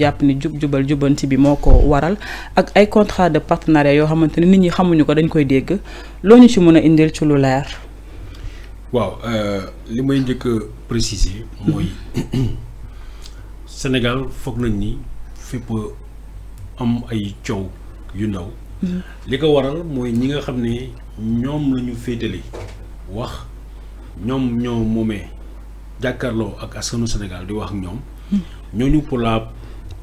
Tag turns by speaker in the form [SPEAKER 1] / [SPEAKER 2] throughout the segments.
[SPEAKER 1] jàpp ni jub jubal jubanti bi moo ko waral ak ay contrat de partenariat yoo xamante ne nit ñi xamuñu ko dañ koy dégg loo ñu ci mën a indil ci lu leer.
[SPEAKER 2] waaw euh, li may njëkk a préciser. mooy Sénégal foog nañ ni fépp am ay cow yu ndaw. Mm-hmm. li ko waral mooy ñi nga xam ne ñoom la ñu féetale wax ñoom ñoo moomee jàkkaarloo ak askanu Sénégal di wax ñoom. Mm-hmm. ñooñu pour la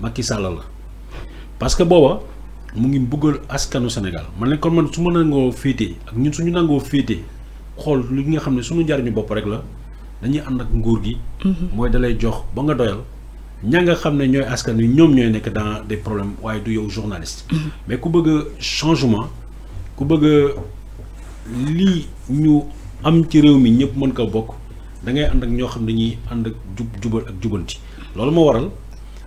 [SPEAKER 2] Macky Sall la parce que booba mu ngi bëggal askanu Sénégal man ne kon man suma nango fété ak ñun suñu nango fété xol li nga xamné suñu jarñu bop rek la dañuy and ak nguur gi. moy mhm. dalay jox ba nga doyal. ña nga xamné ñoy askanu ñom ñoy nek dans des problèmes waaye du yow journaliste. Mhm. mais ku bëgg changement ku bëgg li ñu am ci réew mi ñëpp mën ko bok da ngay and ak ño xam dañuy and ak jubal ak jubanti loolu mo waral.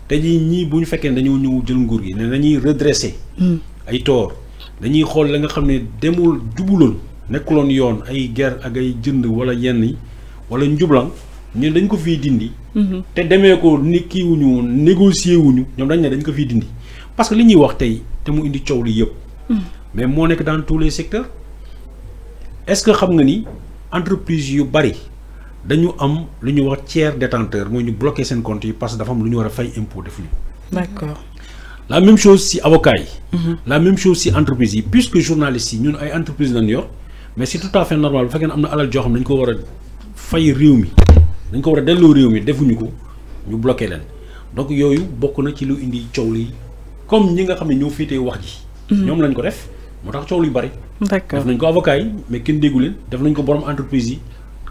[SPEAKER 2] te jii ñii bu ñu fekkee ne dañoo ñëw jël nguur gi ne nañuy redresser. Hmm. ay toor dañuy xool la nga xam ne demul jubuloon nekkuloon yoon ay ger ak ay jënd wala yenn yi wala njublan ñun dañ ko fii dindi. Hmm. te demee ko ni kii wu ñu négocier wu ñoom dañ dañ ko fii dindi parce que li ñuy wax tey te mu indi coow li yëpp. Hmm. mais moo nekk dans tous les secteurs est-ce que xam nga ni entreprise yu bari. dañu am lu ñu wax tiers détenteur mooy ñu bloqué seen compte yi parce que dafa am lu ñu war fay impôt defuñu d'accord la même chose si avocat yi mhm. la même chose si entreprise yi puisque journaliste yi ñun ay entreprise lañ yor mais c'est tout à fait normal bu fekkee ne am na alal joo xam dañu ko war a fay réew mi dañ ko war a delloo réew mi defuñu ko ñu bloqué leen donc yooyu bokk na ci lu indi coow li comme ñi nga xam ne ñoo féetee wax ji mhm. ñoom lañ ko def moo tax coow lu bari def nañ ko avocat yi mais kenn déggu leen def nañ ko borom entreprise yi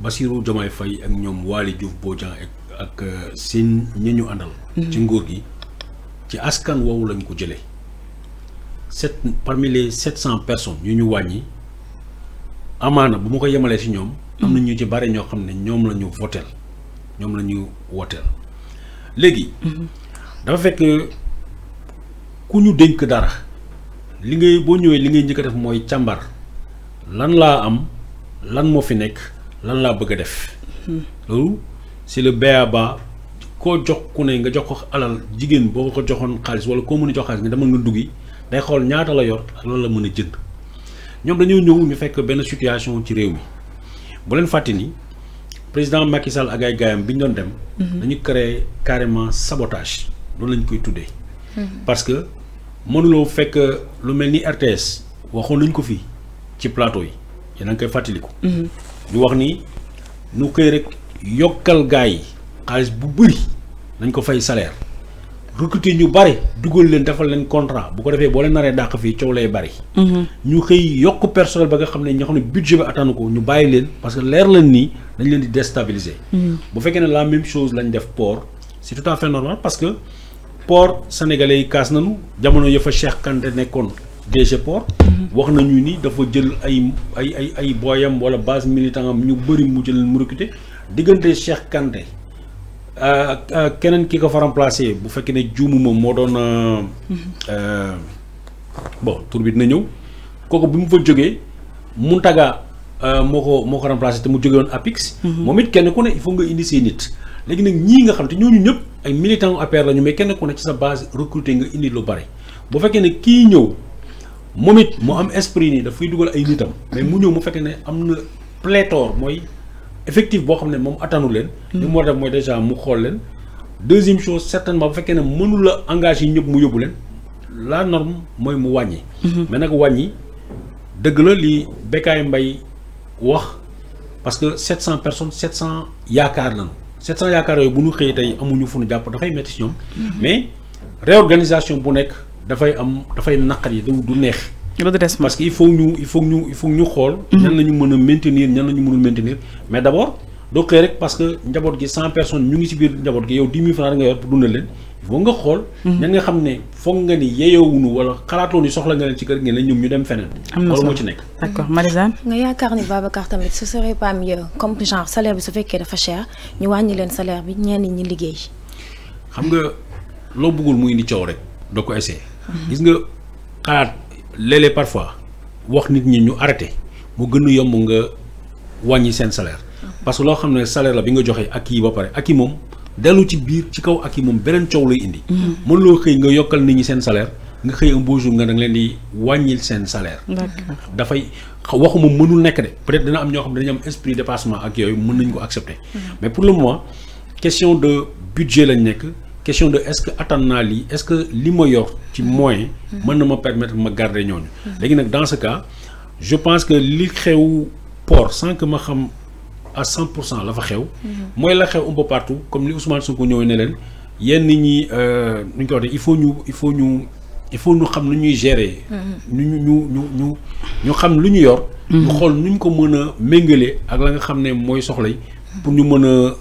[SPEAKER 2] Bassirou Diomaye fay ak ñoom Waly Diouf Bodian ak ak euh, seen ñi ñu àndal. ci mm-hmm. nguur gi ci askan woowu lañ ko jëlee set parmi les sept cent personnes yu ñu wàññi amaana bu ma ko yemalee si ñoom. am na mm-hmm. ñu ci bare ñoo xam ne ñoom la ñu votel ñoom la ñu woteel léegi. Mm-hmm. dafa fekk ku ñu dénk dara li boo ñëwee li ngay njëkk a def mooy càmbar lan laa am lan moo fi nekk. lan laa bëgg a def. loolu si le ba koo jox ku ne nga jox ko alal jigéen boo ko joxoon xaalis wala koo mën a jox xaalis nga demal nga duggi day xool ñaata la yor ak lan la mën a jënd ñoom dañoo ñëw ñu fekk benn situation ci réew mi bu leen fàtte ni président Macky Sall ak gay gaayam bi ñu doon dem. Mhm. dañu créer carrément sabotage loolu lañ koy tuddee. Mhm. parce que mënuloo fekk lu mel ni RTS waxoon luñ ko fi ci plateau yi yéen a ngi koy fàttaliku. Mhm. ñu wax ni nu koy rek yokkal gars yi xaalis bu bëri nañ ko fay salaire recruter ñu bare dugal leen defal leen contrat bu ko defee boo leen naree dàq fii coow lay bari mhm. ñu xëy yokk personnel ba nga xam ne ñoo xam ne budget bi attanu ko ñu bàyyi leen parce que leer leen nii dañ leen di déstabiliser. Mhm. bu fekkee ne la même chose lañ def poor c'est tout à normal parce que port sénégalais yi kaas nañu jamono yëfa Cheikh Kanté nekkoon. DG Port. Mhm. wax nañu ni dafa jël ay ay ay ay booyam wala base militant am ñu bëri mu jël mu recruté diggante Cheikh Kanté keneen ki ko fa remplacé bu fekkee ne juumuma moo doon. Euh, mhm. euh, bon tur bi dina ñëw kooku bi mu fa jógee Mountaga euh, moo ko moo ko remplacé te mu jóge woon Apix. Mhm. moom it kenn ku ne il faut nga indi say nit. léegi nag ñii nga xam te ñooñu ñëpp ay militants APR lañu mais kenn ku ne ci sa base recruter nga indi lu bari bu fekkee ne kii ñëw. momit mo am esprit da fuy dugal ay nitam mais mu ñëw mu fekk ne am na pléthore mooy effectif boo xam ne moom attanu leen. li mu war def mooy déjà mu xool leen. deuxième chose certainement bu fekkee ne mënu la engagé yi ñëpp mu yóbbu leen la norme mooy mu wàññi. Mhm. mais nag wàññi dëgg la li Bécaye Mbaye wax parce que 700 personnes 700 yaakaar lañu 700 yaakaar yooyu bu ñu xëyee tey amuñu fu ñu jàpp dafay métti si ñoom. Mhm. mais réorganisation bu nekk. dafay am dafay naqar yi du neex. parce que il faut ñu il xool. Mhm. ñan la ñu mën a maintenir ñan la ñu mënul maintenir mais d' doo xëy rek parce que njaboot gi cent personnes ñu ngi ci biir njaboot gi yow dix mille nga yor mhm. ne foog nga ni yeyoowuñu wala xalaatoo ni soxla nga ci kër gi ne ñoom dem feneen. am na moo ci nekk.
[SPEAKER 1] d' accord Marisane nga yaakaar ni Babacar tamit ce serait pas mieux comme genre salaire bi su fekkee dafa cher ñu wàññi leen salaire bi ñenn ñi liggéey. xam nga loo bëggul muy
[SPEAKER 2] indi coow rek doo ko essayer gis nga xalaat léeg-léeg parfois wax nit ñi ñu arrêté mu gën a yomb nga wàññi seen salaire. parce que loo xam ne salaire la bi nga joxe ak kii ba pare ak kii moom dellu ci biir ci kaw ak kii moom beneen coow lay indi. Mm-hmm. mën loo xëy nga yokkal nit ñi seen salaire nga xëy un beau jour nga da leen di wàññil seen salaire. dafay waxuma mënul nekk de peut-être dina am ñoo xam ne dañu am esprit dépassement ak yooyu mën nañ ko accepter. Mm-hmm. mais pour le moment question de budget lañ nek question de est-ce que attan li est-ce que li ma yor ci moyen mën na ma permettre ma garder ñooñu légui nak dans ce cas je pense que li xew port sans que ma xam à 100% pour cent la fa xew moy la xew un peu partout comme li Ousmane Sonko ñëw ne leen yenn nit ñi euh, ni ñu ko waxee il faut ñu il faut ñu il faut ñu xam nu ñuy gérer mm-hmm. ñu ñu ñu ñu ñu xam lu ñu yor mm-hmm. ñu xol nu ñu ko mën a ak la nga xam pour ñu mën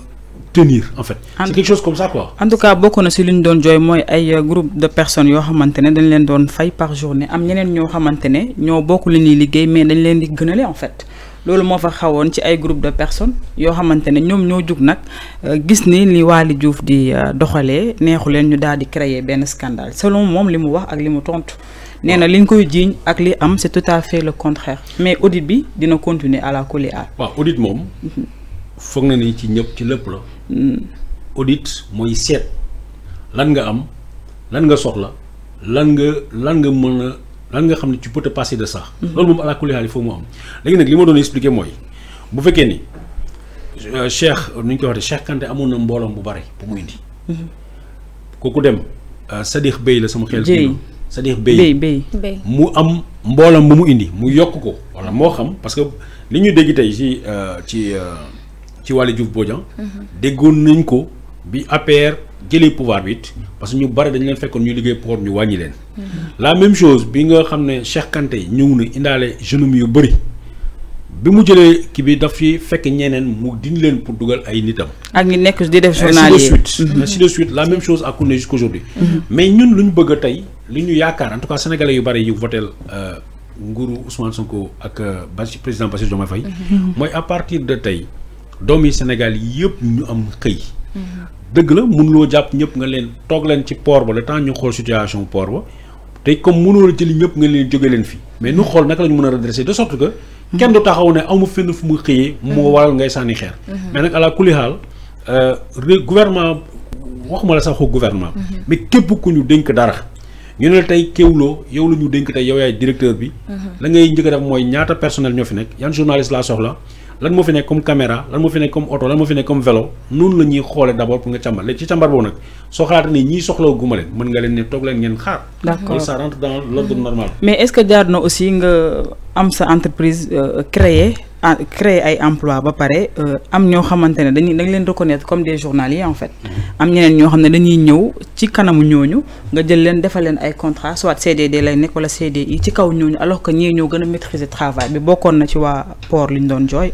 [SPEAKER 2] tenir en fait c'est quelque chose comme ça quoi
[SPEAKER 1] en tout cas beaucoup de si li joy doon ay euh, groupe de personnes yo xamante ne dañ leen doon fay par journée am ñeneen ñoo maintenir ne ñoo bokk li ñuy mais dañ leen di en fait loolu moo fa xawoon ci ay groupe de personnes yo xamantene ñom ñoom ñoo jug nag euh, gis ni li Waly Diouf di euh, doxalee neexu leen ñu daal di créer ben scandale selon mom limu wax ak limu tontu néna liñ koy jiiñ ak li am c'est tout à fait le contraire mais audit bi dina continuer à la coller à
[SPEAKER 2] wa audit mom mm-hmm. foog na ni ci ñëpp ci lépp la. audit mooy seet lan nga am lan nga la lan nga lan nga mën a lan nga xam ne ci peux te passer de ça. Mm-hmm. loolu moom ala kulli haal mu am. léegi nag li ma doon expliquer mooy bu fekkee ni euh, Cheikh nu ñu koy waxee amoon na mbooloom bu bari bu muy
[SPEAKER 1] mm-hmm.
[SPEAKER 2] kooku dem euh, Sadikh Bey la sama xel. Dieng Sadikh Bey Bey mu am mbooloom bu mu indi mu yokk ko wala moo xam parce que li ñu dégg tey ci euh, ci. ci Waly Diouf Bodian déggoon nañ ko bi APR gelé pouvoir bi parce que ñu bari dañ leen fekkoon ñu liggéey pour ñu wañi leen. la même chose bi nga xamné Cheikh Kanté ñëw na indalé jeunes yu bari bi mu jëlé ki bi daf fi fekk ñeneen mu din leen pour duggal ay nitam.
[SPEAKER 1] ak ñi nekk di def journalier ainsi de suite mhm.
[SPEAKER 2] ainsi de suite la même chose a continué jusqu' aujourd'hui mhm. mais ñun lu bëgg tay liñu yaakaar en tout cas sénégalais yu bari yu votel euh, nguru Ousmane Sonko ak euh, Bass président Bassirou Diomaye Faye moy mhm. à partir de tay doomi Sénégal yi yëpp ñu am xëy. dëgg la mënuloo jàpp ñëpp nga leen toog leen ci port ba le temps ñu xool situation poor ba te comme mënuloo jëli ñëpp nga leen jóge leen fii mais ñu xool naka la ñu mën a redresser de sorte que. kenn du taxaw ne amu fenn fu mu xëyee. moo waral ngay sànni xeer. mais nag ala kulli xaal euh, gouvernement waxuma la sax xoo gouvernement. mais képp ku ñu dénk dara. ñu ne la tey Kéwoulo yow la ñu dénk tey yow yaay directeur bi. Mhm. la ngay njëkk a def ñaata personnel ñoo fi nekk yan journaliste laa soxla. lan mo fi nek comme caméra lan mo fi nek comme auto lan mo fi nek comme vélo noonu la ñuy d'abord pour nga càmbar ci chambar bo nak so xalat ni ñi soxla guma len mën nga len ni tok len ngeen xaar. d' ça rentre dans l'ordre normal.
[SPEAKER 1] mais est ce que Diarno aussi nga am sa entreprise euh, créer créer ay emploi ba paré euh, am ñoo xamantene ne dañuy dañ leen reconnaître comme des journaliers en fait. Mm-hmm. am ñeneen ñoo xamne dañuy ñëw ci kanamu ñooñu nga jël leen defal leen ay contrat soit CDD lay nekk wala CDI ci kaw ñooñu alors que ñi ñoo gëna maîtriser travail bi bokon na ci wa port liñ doon jooy.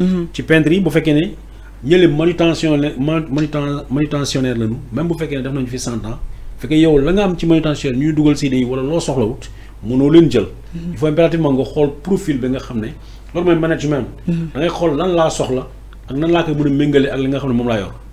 [SPEAKER 2] Mhm. ci peintre yi bu fekkene ne ñële manutentionnaire manutentionnaire lañu même bu fekkene def nañu fi 100 ans fekkee yow la nga am ci manutentionnaire ñuy duggal ci yi wala lo soxla wut mëno leen jël. Mhm. il faut impérativement nga xol profil bi nga xamné ne loolu management. Mhm. da ngay xool lan la soxla ak nan la koy mën a ak li nga xamné mom la laa yor.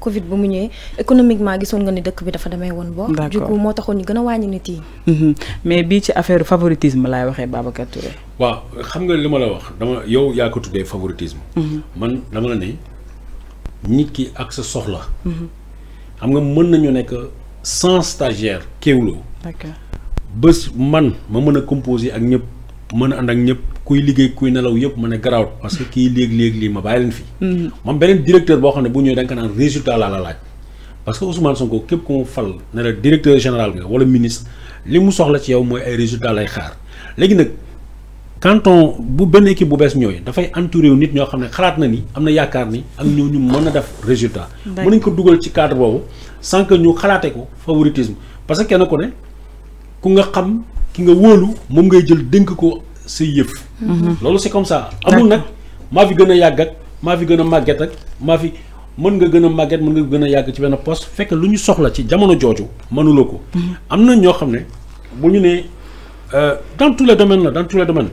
[SPEAKER 1] Covid bu mu ñëwee économiquement gisoon nga ni dëkk bi dafa demee woon boo. d'accord moo taxoon ñu gën a wàññi nit yi. Mhm. mais bii ci affaire favoritisme laay waxee Babacar
[SPEAKER 2] waaw xam nga li ma la wax dama yow yaa ko tuddee favoritisme. Mhm. man dama la ne nit ki ak sa soxla. Mhm. xam nga mën nañu nekk sans stagiaire Kéwoulo. d'accord bés man ma mën a composer ak ñëpp mën a ànd ak ñëpp. kuy liggéey kuy nelaw yëpp ma ne garaawut parce que kii léeg-léeg lii ma bàyyi leen fi. moom beneen directeur boo xam ne bu ñëwee da nga ko naan résultat laa la laaj. parce que Ousmane Sonko képp ku mu fal ne la directeur général nga wala ministre li mu soxla ci yow mooy ay résultat lay xaar léegi nag quand on bu benn équipe bu bees ñëwee dafay entouré wu nit ñoo xam ne xalaat na ni am na yaakaar ni ak ñoo ñu mën a def résultat. mën nañ ko dugal ci cadre boobu sans que ñu xalaatee ko favoritisme parce que kenn ku ne ku nga xam ki nga wóolu moom ngay jël dénk ko. say yëf. Mhm. loolu c'est comme ça amul nag maa fi gën a yàgg ak maa fi gën a màgget ak maa fi mën nga gën a màgget mën nga gën a yàgg ci benn poste fekk lu ñu soxla ci jamono jooju mënuloo ko. Mhm. am na ñoo xam ne bu ñu nee euh, dans tous les domaines la dans tous les domaines.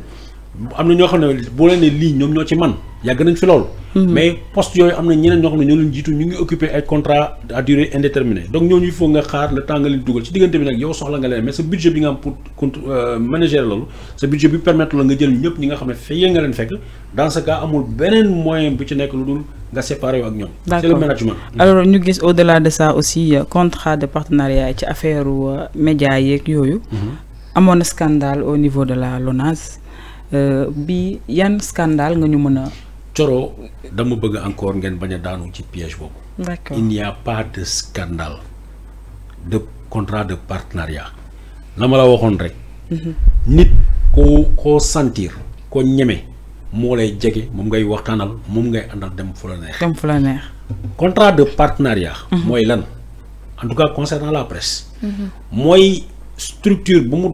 [SPEAKER 2] am na ñoo xam ne boo leen ne lii ñoom ñoo ci man yàgg nañ fi loolu. Mhm. mais poste yooyu am na ñeneen ñoo xam ne ñoo leen jiitu ñu ngi occupé ay contrat à durée indéterminée donc ñooñu il faut nga xaar le temps nga leen dugal ci diggante bi nag yow soxla nga leen mais ce budget bi nga am pour cont euh, manager loolu sa budget bi permettre la nga jël ñëpp ñi nga xam ne fayee nga leen fekk dans ce cas amul beneen moyen bu ci nekk lu dul nga séparé wu ak ñoom. c'est le management. alors
[SPEAKER 1] ñu gis au delà de ça aussi euh, contrat de partenariat ci affaire euh, média yeeg yooyu. Mhm. amoon na scandale au niveau de la LONASE. Eh, bi yan scandale nga ñu mëna
[SPEAKER 2] choro coro dama bëgg encore ngeen baña daanu ci piège bobu il n'y a pas de scandale de contrat de partenariat. la la rek. Mhm. nit ko ko sentir ko ñëmé mo lay jégué mom ngay waxtanal mom ngay andal dem fu la neex. dem fu neex. contrat de partenariat. moy mhm. lan en tout cas concernant la presse. moy mhm. structure bu